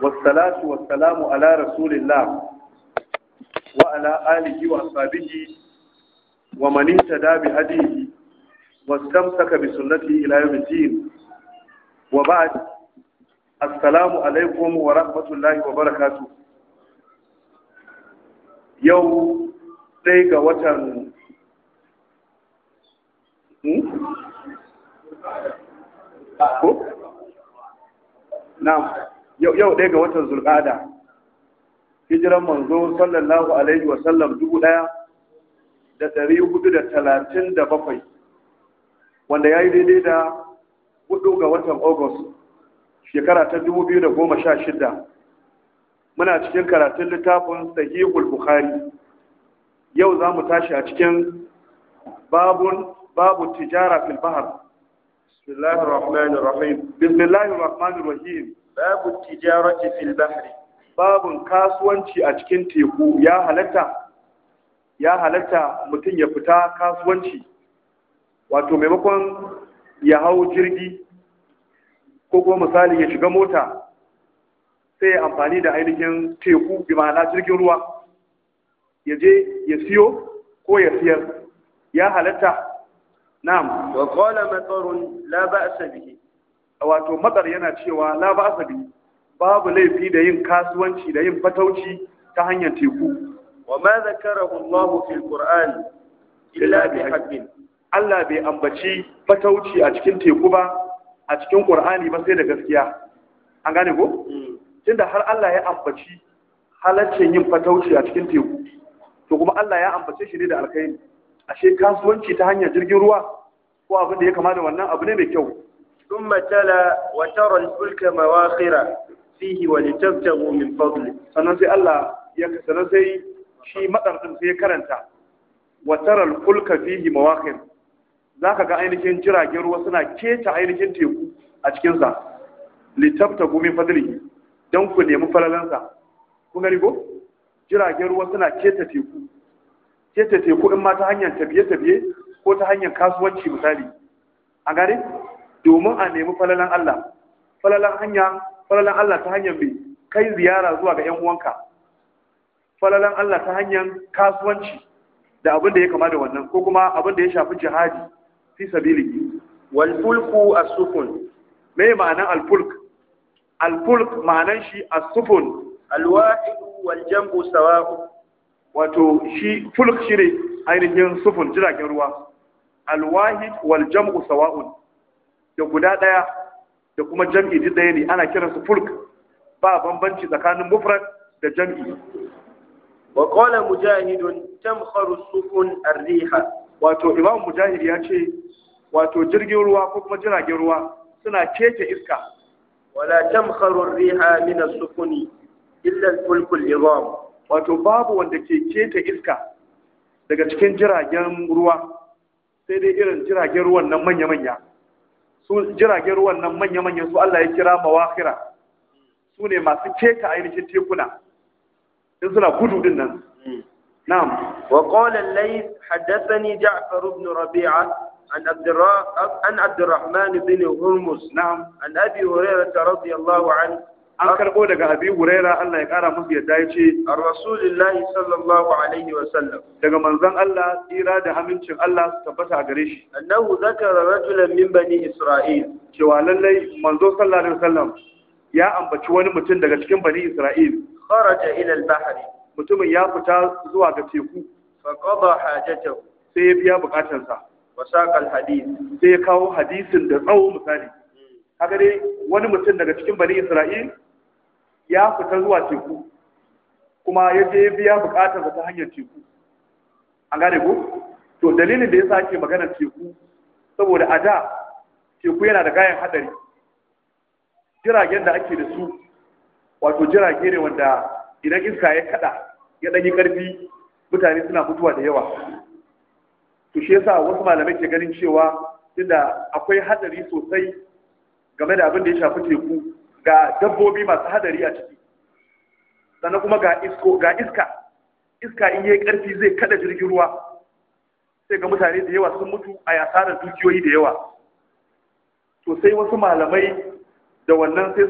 wassalatu wassalamu ala rasulillah wa ala alihi wa ashabihi wa man ihtada bi hadihi wastamsaka bi sunnatihi ila yawm al-din wa ba'd assalamu alaikum wa rahmatullahi wa barakatuh yau dai ga watan ko na'am yau ɗaya ga watan zulƙada hijiran manzo sallallahu alaihi wasallam dubu ɗaya da ɗari hudu da talatin da bakwai wanda ya yi daidai da hudu ga watan agus shekara ta dubu biyu da goma sha shida muna cikin karatun littafin sahihul bukhari yau za mu tashi a cikin babu tijara fil بسم الله الرحمن الرحيم بسم الله الرحمن الرحيم باب التجارة في البحر باب wato maimakon ya hau jirgi ko kuma misali ya shiga mota sai amfani da ainihin teku bi ma'ana jirgin ruwa ya je ya siyo ko ya siyar ya halatta نعم وقال مطر لا la به bihi wato matar yana cewa la ba'sa bi babu laifi da yin kasuwanci da yin fatauci ta hanyar teku wa ma zakarahu Allah fi alquran illa bi haqqin Allah bai ambaci fatauci a cikin teku ba a cikin Qur'ani ba sai da gaskiya an gane ko mm. tunda har Allah ya ambaci halaccin yin fatauci a cikin teku to kuma Allah ya ambace shi ne da alkhairi ashe kasuwanci ta hanyar jirgin ruwa ko abin da ya kama da wannan abu ne mai kyau Sun ثم تلا fulka mawakira fihi wa ولتبتغوا من fadli. sannan sai Allah ya sanar sai shi madarsin sai ya karanta fulka fihi فيه Za ka ga ainihin jiragen ruwa suna keta ainihin teku a cikinsa, sa litabtagu min fadlihi ku nemi falalansa kun gani ko jiragen ruwa suna keta teku sai ta teku in ma ta hanyar tafiye-tafiye ko ta hanyar kasuwanci misali a gari domin a nemi falalan Allah falalan hanya falalan Allah ta hanyar mai kai ziyara zuwa ga yan uwanka falalan Allah ta hanyar kasuwanci da abin da ya kama da wannan ko kuma abin da ya shafi jihadi fi sabilihi wal fulku as-sufun me ma'anan al-fulk al-fulk ma'anan shi as-sufun al wal jambu sawa'u wato shi fulk shi ne ainihin sufun jiragen ruwa alwahid wal jam'u sawa'un da guda daya da kuma jam'i duk daya ne ana kiransu fulk ba bambanci tsakanin mufrad da jam'i wa qala mujahidun tamkharu sufun ar-riha wato imam mujahid ya ce wato jirgin ruwa ko kuma jiragen ruwa suna keke iska wala tamkharu ar-riha min as-sufuni illa al-fulk wato babu wanda ke keta iska daga cikin jiragen ruwa sai dai irin jiragen ruwan nan manya-manya su jiragen ruwan nan manya-manya su Allah ya kira mawakira su ne masu keta ainihin tekuna in suna gudu din nan na'am wa qala al-layth haddathani ja'far ibn rabi'a عن عبد عن عبد الرحمن بن هرمز نعم عن ابي هريره رضي الله عنه an karbo daga abi huraira Allah ya kara masa yadda ya ce ar rasulillahi sallallahu alaihi wa sallam daga manzon Allah tsira da amincin Allah su tabbata gare shi annahu zakara rajulan min bani isra'il cewa lallai manzo sallallahu alaihi wasallam ya ambaci wani mutum daga cikin bani isra'il kharaja ila al-bahri mutumin ya fita zuwa ga teku fa qada hajatahu sai ya biya bukatarsa wa saqa hadith sai ya kawo hadisin da tsawo misali hmm. kaga dai wani mutum daga cikin bani isra'il ya fita zuwa teku kuma ya je biya bukatar ta hanyar teku an gane ku to dalilin da ya sake magana maganar teku saboda a da teku yana da kayan hadari jiragen da ake da su wato jirage ne wanda idan iska ya kada ya ɗanyi ƙarfi mutane suna mutuwa da yawa to shi yasa wasu malamai ke ganin cewa inda akwai hadari sosai game da abin da ya shafi teku ga dabbobi masu hadari a ciki sannan kuma ga isko ga iska iska in yayi karfi zai kada jirgin ruwa sai ga mutane da yawa sun mutu a yasarar dukiyoyi da yawa to sai wasu malamai da wannan sai